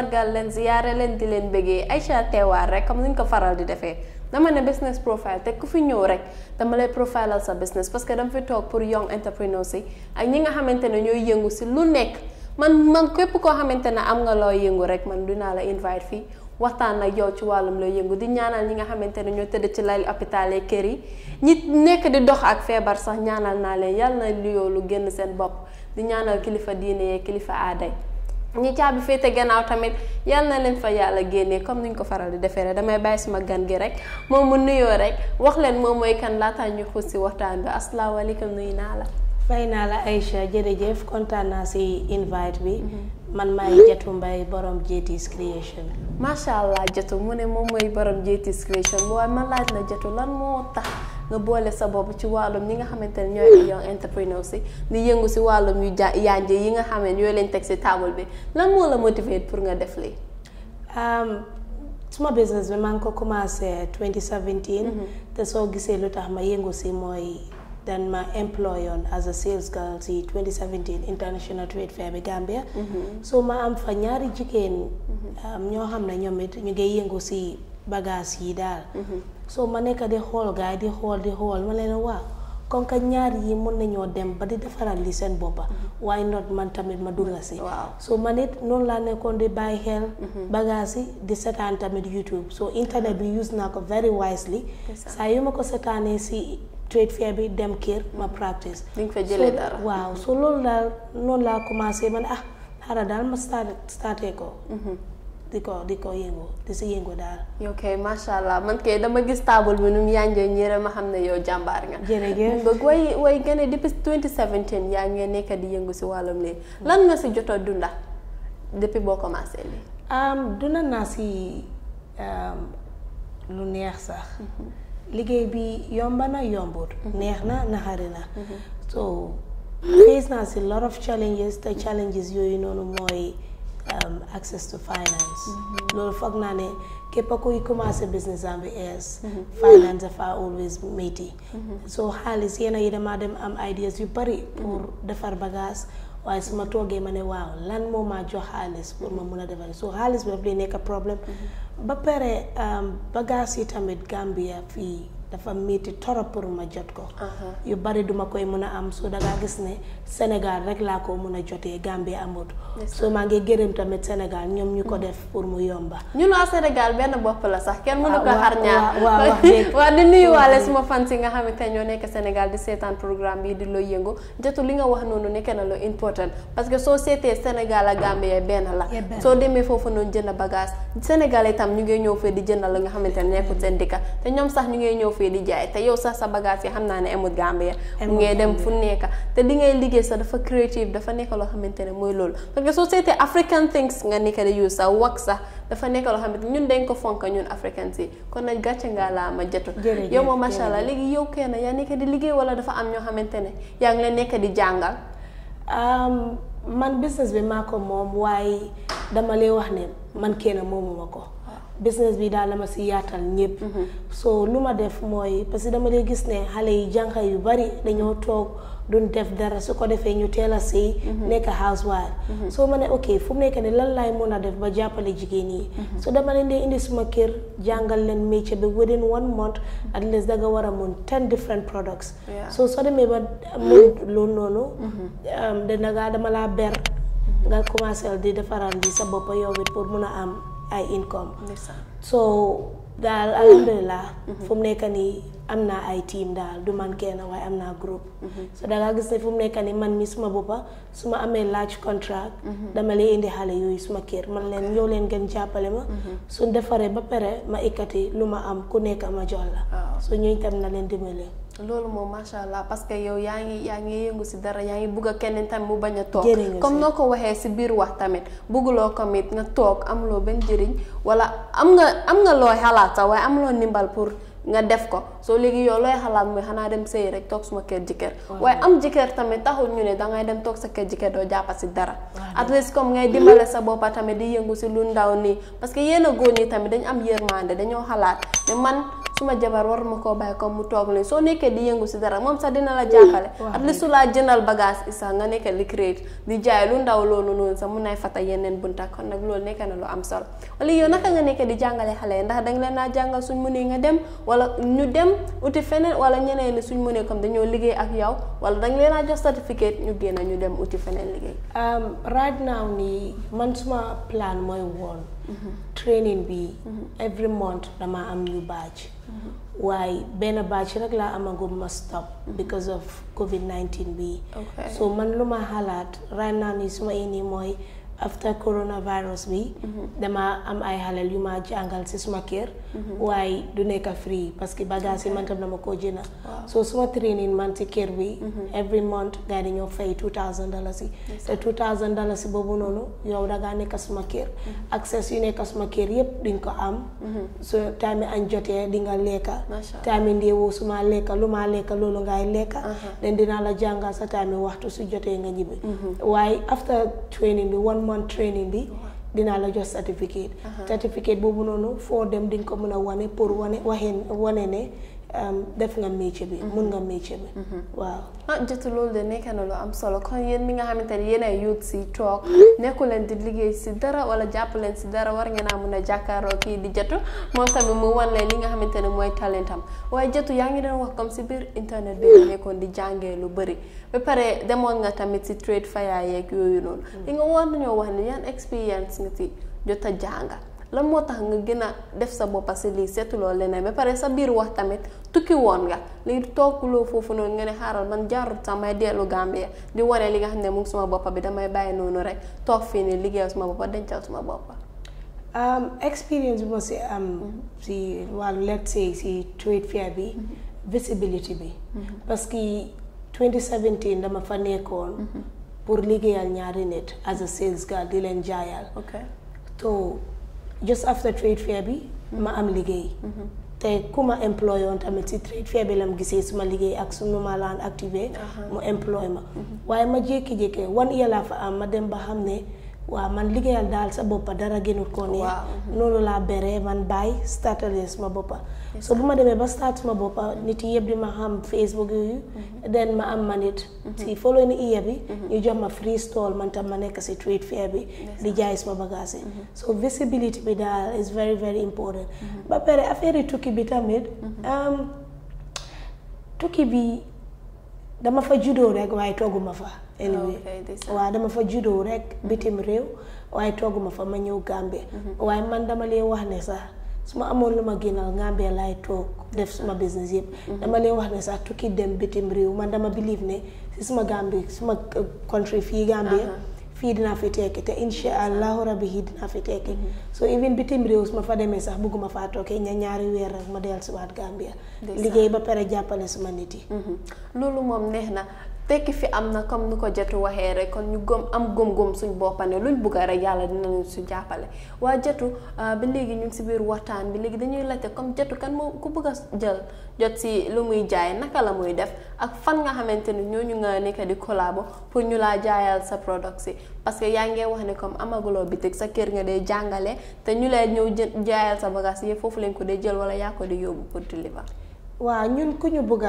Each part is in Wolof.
sargal leen ziyaare leen di leen bëggee Aïcha teewaar rek comme ni ñu ko faral di defee dama ne business profile te fi ñëw rek dama lay profilal sa business parce que dama fi toog pour young entrepreneurs ak ñi nga xamante ne ñooy yëngu si lu nekk man man képp koo xamante ne am nga loo yëngu rek man dinaa la invite fii waxtaan ak yow ci wàllum looy yëngu di ñaanal ñi nga xamante ne ñoo tëdd ci lal hôpital kër yi ñi nekk di dox ak feebar sax ñaanal naa leen yàlla na lu yoolu génn seen bopp di ñaanal kilifa diine yee kilifa aaday ñi caabi féete gannaaw tamit yal na leen fa yàlla génnee comme niñ ko faral di defee rek damay bàyyi suma gan gi rek moom mu nuyoo rek wax leen moom mooy kan laata ñu xuus si waxtaan bi asalaamaaleykum nuyu naa la. fay naa la Aïcha jërëjëf kontaan naa si invite bi. Mm-hmm. man maay Jatu Mbay borom JT's Creation. macha allah Jatu mu ne moom mooy borom JT's Creation waaye man laaj na Jatu lan moo tax. nga boole sa bopp ci wàllum ni nga xamante ne ñooy young entrepreneur si di yëngu si wàllum yu ja yànje yi nga xam ne yooyu lañ teg si table bi lan moo la motiver pour nga def lii. Um, suma business bi maa ngi ko commencé 2017. Mm-hmm. te soo gisee lu tax ma yëngu si mooy. dan ma employ on as a sales girl ci 2017 international trade fair bi Gambia. Mm-hmm. so ma am fa ñaari jigéen. Mm-hmm. Um, ñoo xam ne ñoom it ñu ngi yëngu si bagage yi daal. Mm-hmm. soo ma nekk di xool gars yi di xool di xool ma leen waaw kon ka ñaar yi mën nañoo dem ba di defaral li seen boppa mm-hmm. waaye not man tamit ma dugg si. waaw soo man it laa nekkoon di bàyyi xel. Mm-hmm. bagage yi di setaan tamit YouTube so bi use naa ko very wisely. saa yu ma ko setaanee si. trade fair bi dem kër ma practice. di nga fa jëlee waaw so loolu daal noonu laa commencé man ah xaaral daal ma starté ko. di ko di ko yëngu di si yëngu daal. ok macha allah man kay dama gis table bi nu mu yànjee ma xam ne yow jàmbaar nga. jërëjëf ba yaa ngi nekk di yëngu si wàllum lan nga si jot a dunda depuis neex sax. Mhm. bi yomba na yombut. Mhm. neex na naxari na. Mhm. so face naa si lot of challenges te challenges yooyu noonu mooy. Um, access to finance. loolu foog naa ne képp a koy commencé business am bi es mhm. finance dafa always métti. so xaalis yenn yi damaa dem am ideas yu bari pour mhm. defar bagage waaye su ma toogee ma ne waaw lan moo ma jox xaalis pour ma mun a defar so xaalis bi daf lay nekk problème. Mhm. ba pare um, bagage yi tamit Gambia fii. dafa metti torop pour ma jot ko. yu bari duma koy mën a am su dangaa gis ne Sénégal rek laa ko mën a jotee Gambie amut. su maa ngi gërëm tamit Sénégal ñoom ñu ko mm. def pour mu yomba. ñun waa Sénégal benn bopp la sax kenn mënu ah, ko xar ñaar waaw waaw di mm. suma fan si nga xamante ne ñoo nekk Sénégal di seetaan programme bi di looy yëngu jotu li nga wax noonu nekk na lu important parce que soo seetee Sénégal ak Gambie benn la. soo demee foofu noonu jën jënd bagage Sénégal itam ñu ngi ñëw fee di jënd la nga xamante ne nekkul seen dëkk te ñoom sax ñu ngi ñëw fii di jaay te yow sax sa bagage yi xam naa ne amul Gambia mu ngay dem fu nekka te li ngay liggéey sax dafa creative dafa nekk loo xamante ne mooy loolu parce que soo seetee African things nga nekk di use sax wax sax dafa nekk loo xamante ñun dañ ko fonk ñun africains si kon na gàcce ngaa laa ma jotu yow moom macha allah léegi yow kenn yaa nekk di liggéey wala dafa am ñoo xamante ne yaa ngi leen nekk di jàngal um, man business bi maa ko moom waaye dama lay wax ne man kenn moomuma ko business bi daal la ma si yaatal ñëpp. Mhm. so lu ma def mooy parce que dama dee gis ne xale yi jànqa yu bari dañoo toog duñ def dara su ko defee ñu teel a sëy mhm. nekk housewife mhm. soo ma ne ok fu mu nekk ne lan laay mën a def ba jàppale jigéen yi so dama leen dee indi suma kër jàngal leen métier bi within one month at least da war a mun ten different products so soo demee ba mun loolu noonu dana ngaa dama laa ber nga commencé di defaral bi sa bopp yow it pour mun a am ay income so daal alhamdulilah mm-hmm. fu mu nekk nii am naa ay team daal du man kenn waaye am naa group mm-hmm. so da gis ne fu mu nekk nii man mi suma boppa su ma amee large contract mm-hmm. dama lay indi xale yooyu suma kër man leen ñëw leen ngeen jàppale ma su defaree ba pare ma ikkati lu ma am ku nekk ma jox la so ñooñu tam na leen dimbale loolu moom macha allah parce que yow yaa ngi yaa ngi yëngu si dara yaa ngi bugg a keneen tamit mu bañ a toog comme noo ko waxee si biir wax tamit bugguloo commit nga toog amuloo benn njëriñ wala am nga am nga looy xalaat sax waaye amuloo pour nga def ko soo léegi yow looy xalaat mooy xanaa dem sëy rek toog suma kër jëkkër waaye am jëkkër tamit taxul ñu ne ngay dem toog sa kër jëkkër doo jàppa si dara at least comme ngay dimbale sa boppa tamit di yëngu si lu ndaw nii parce que yéen a góor ñi tamit dañ am yërmande dañoo xalaat ne man suma jabar war ma koo bàyyi comme mu toog nii soo nekkee di yëngu si dara moom sax dina la jàppale at least su laa jëndal bagage isa nga nekk li créate di jaay lu ndaw loolu noonu sax mun nay fata yeneen bunta kon nag loolu nekk na lu am solo wala yow naka nga nekkee di jàngale xale yi ndax da nga leen naa jàngal suñ mënee nga dem wala ñu dem uti feneen wala ñeneen ni suñ mënee comme dañoo liggéey ak yow wala da leen naa jox certificate ñu génn ñu dem uti feneen liggéey um, right now nii man suma plan mooy woon training bi mm-hmm. every month dama am new baaj mm-hmm. waaye benn batch rek laa amagum ma stop mm-hmm. because of covid 19 bi so man lu ma xalaat right naa nii su ma indi mooy after coronavirus bi. Mhm. dama am ay xaleel yu ma jàngal si suma kër. Mhm. waaye du nekk free parce que bagage yi man tam dama koo jënd. so suma training man si kër bi. Mhm. every month gars yi ñoo fay two thousand dollars yi. te two thousand dollars yi boobu noonu yow da ngaa nekk suma kër. access yu nekk suma kër yëpp duñ ko am. so time añ jotee di nga lekka. time ndéewoo suma lekka lu ma lekka loolu ngay lekka. den dinaa la jàngal sa time waxtu su jotee nga ñibbi. waaye after training bi one man training bi dinaa la jox certificate uh-huh. certificate boobu noonu foo dem di ko mën a wane pour wane waxee wane ne Um, def nga métier bi mm-hmm. mun nga métier bi mm-hmm. waaw ah jot loolu de nekk na lu am solo kon yéen mi nga xamante ne yéen ay yuut toog mm-hmm. nekku leen di liggéey si dara wala jàpp leen si dara war ngeen a a jàkkaaroo kii di jotu moom tamit mu wan leen li nga xamante ne mooy talentam waaye jotu yaa ngi doon wax comme si biir internet bi nga di jàngee lu bëri ba pare demoon nga tamit si trade faya yeeg yooyu noonu li nga war nañoo wax ne yan expérience nga si jot a jànga lan moo tax nga gën a def sa bopp si lii seetuloo leneen ba pare sa biir wax tamit tukki woon nga léegi toogloo foofu noonu nga ne xaaral man jaarut sax may dellu Gambia di wane li nga xam ne mu ngi suma bopp bi damay bàyyi noonu rek toog fii nii liggéeyal suma bopp dencal suma bopp. Um, expérience bi ma si am. si wàllu let's say si trade fair bi. visibility bi. Mm-hmm. parce que 2017 dama fa nekkoon. Mm-hmm. pour liggéeyal ñaari nit as a sales girl di leen jaayal. ok just after trade fair bi ma am liggéey mm-hmm. te ku ma employé woon tamit si trade fair bi lam gisee suma liggéey ak su ma laan activé uh-huh. mu employé ma mm-hmm. waaye ma jékki-jékki wan yàlla fa am ma dem ba xam ne waaw man liggéeyal daal sa boppa dara gënul ko neex mm-hmm. noonu laa beree man bàyyi startale suma boppa so bu ma demee ba start ma boppa nit yëpp di ma xam Facebook yooyu den mhm. ma am ma nit mhm. si follow ni iya bi mhm. ñu jox ma free stall man tam ma nekk si trade fair bi di jaay suma bagage yi so visibility bi daal is very very important ba pare affaire yi tukki bi tamit um, tukki bi dama fa juddoo rek waaye togguma fa anyway waaw dama fa juddoo rek bitim réew waaye togguma fa ma ñëw Gambie waaye man dama lee wax ne sax su ma amoon lu ma génnal ngàmbee laay toog def suma business yëpp dama leen wax ne sax tukki dem bitim réew man dama believe ne si suma Gambie suma uh, country fii Gambie fii dinaa fi tekki te insha allahu rabbi yi dinaa fi tekki mhm. so even bitim réew su ma fa demee sax bëgguma faa toogee ña ñaari weer rek ma dellusiwaat Gambia liggéey ba pare jàppale suma nit yi mhm. loolu moom neex na tekki fi am na comme nu ko jatu waxee rek kon ñu gëm am gëm-gëm suñ boppane luñ bugg rek yàlla dinañu su jàppale waa jatu euh, ba léegi ñu si biir waxtaan bi léegi dañuy laajte comme jatu kan moom ku bëgg a jël jot si lu muy jaay naka la muy def ak fan nga xamante ni ñooñu nga nekk di collabo pour ñu laa jaayal sa produit parce que yaa ngi wax ne comme amaguloo bitik sa kër nga dee jàngale te ñu lay ñëw jaayal sa bagage yi foofu lañ ko dee jël wala yaa ko di yóbbu pour deliver. waaw ñun ku ñu bëgg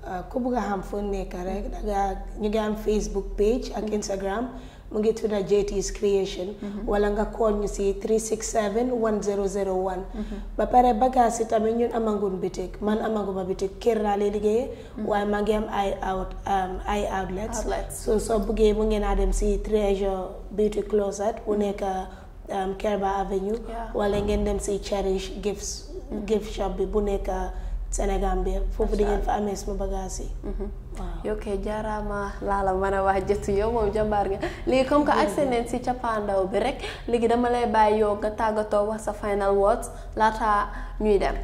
Euh, ku bëgg a xam foo nekk rek danga ñu ngi am Facebook page ak mhm. Instagram mu ngi tudd JT's Creation mhm. wala nga call ñu si 367 1001 ba pare bagage yi tamit ñun amagun bitik man amaguma bitik kër laa lay liggéeyee mhm. waaye ma ngi am ay ay um, outlets so soo buggee mu ngeen a dem si Treasure Beauty Closet bu nekk um, Kerba Avenue wala ngeen dem si Cherish Gifts gift bi bu nekk Sénégal bi foofu di ngeen fa amee suma bagaas yi. waaw yow laala jaaraama laa la mën a wax jëtu yow moom jàmbaar nga léegi comme que accès neen si cappaandaw bi rek léegi dama lay bàyyi yoo nga tàggatoo wax sa final words laata ñuy dem.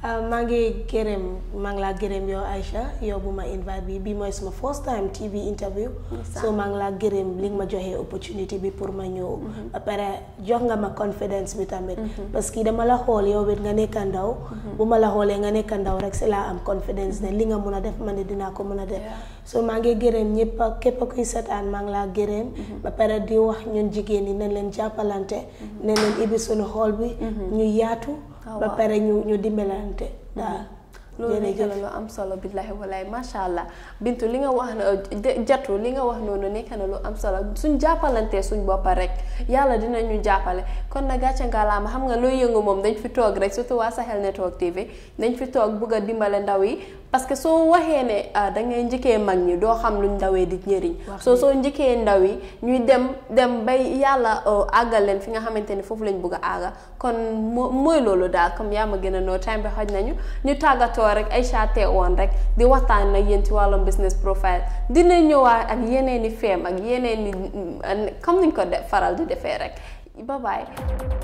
Euh, maa ngi gërëm maa ngi laa gërëm yow Aïcha yow bu ma invite bi mooy suma first time TV interview so maa ngi laa gërëm li nga ma joxee opportunité bi pour ma ñëw mm-hmm. pare jox nga ma confidence bi tamit mm-hmm. parce que dama la xool yow it nga nekk ndaw mm-hmm. bu ma la xoolee nga nekk ndaw rek laa am confidence ne li nga mun a def ma ne dinaa ko mun a def so maa ngi gërëm ñëpp képp kuy seetaan maa ngi laa gërëm ba pare di wax ñun jigéen ñi nañ leen jàppalante ne leen ibi suñu xool bi ñu yaatu Ah, ba pare ñu ñu dimbalante daal. loolu nekk na lu am solo billahi walaay macha allah Bintu li nga wax li nga wax noonu nekk na lu am solo suñ jàppalantee suñ boppa rek yàlla ñu jàppale kon na gàcce ngalaama xam nga looy yëngu moom dañ fi toog rek surtout waa Sahel Network TV dañ fi toog bugg a dimbale ndaw yi parce que soo waxee ne ah, da ngay njëkkee mag ñi doo xam luñ ndawee di njëriñ soo soo njëkkee ndaw yi ñuy dem dem bay yàlla oh, àggal leen fi nga xamante ni foofu lañ bëgg a àgga kon mooy loolu daal comme yaa ma gën a noo time bi xoj nañu ñu tàggatoo rek Aïcha teewoon rek di waxtaan nag yéen ci wàllum business profile dina ñëwaat ak yeneen i feem ak yeneen i mm, comme niñ ko faral di defee rek bye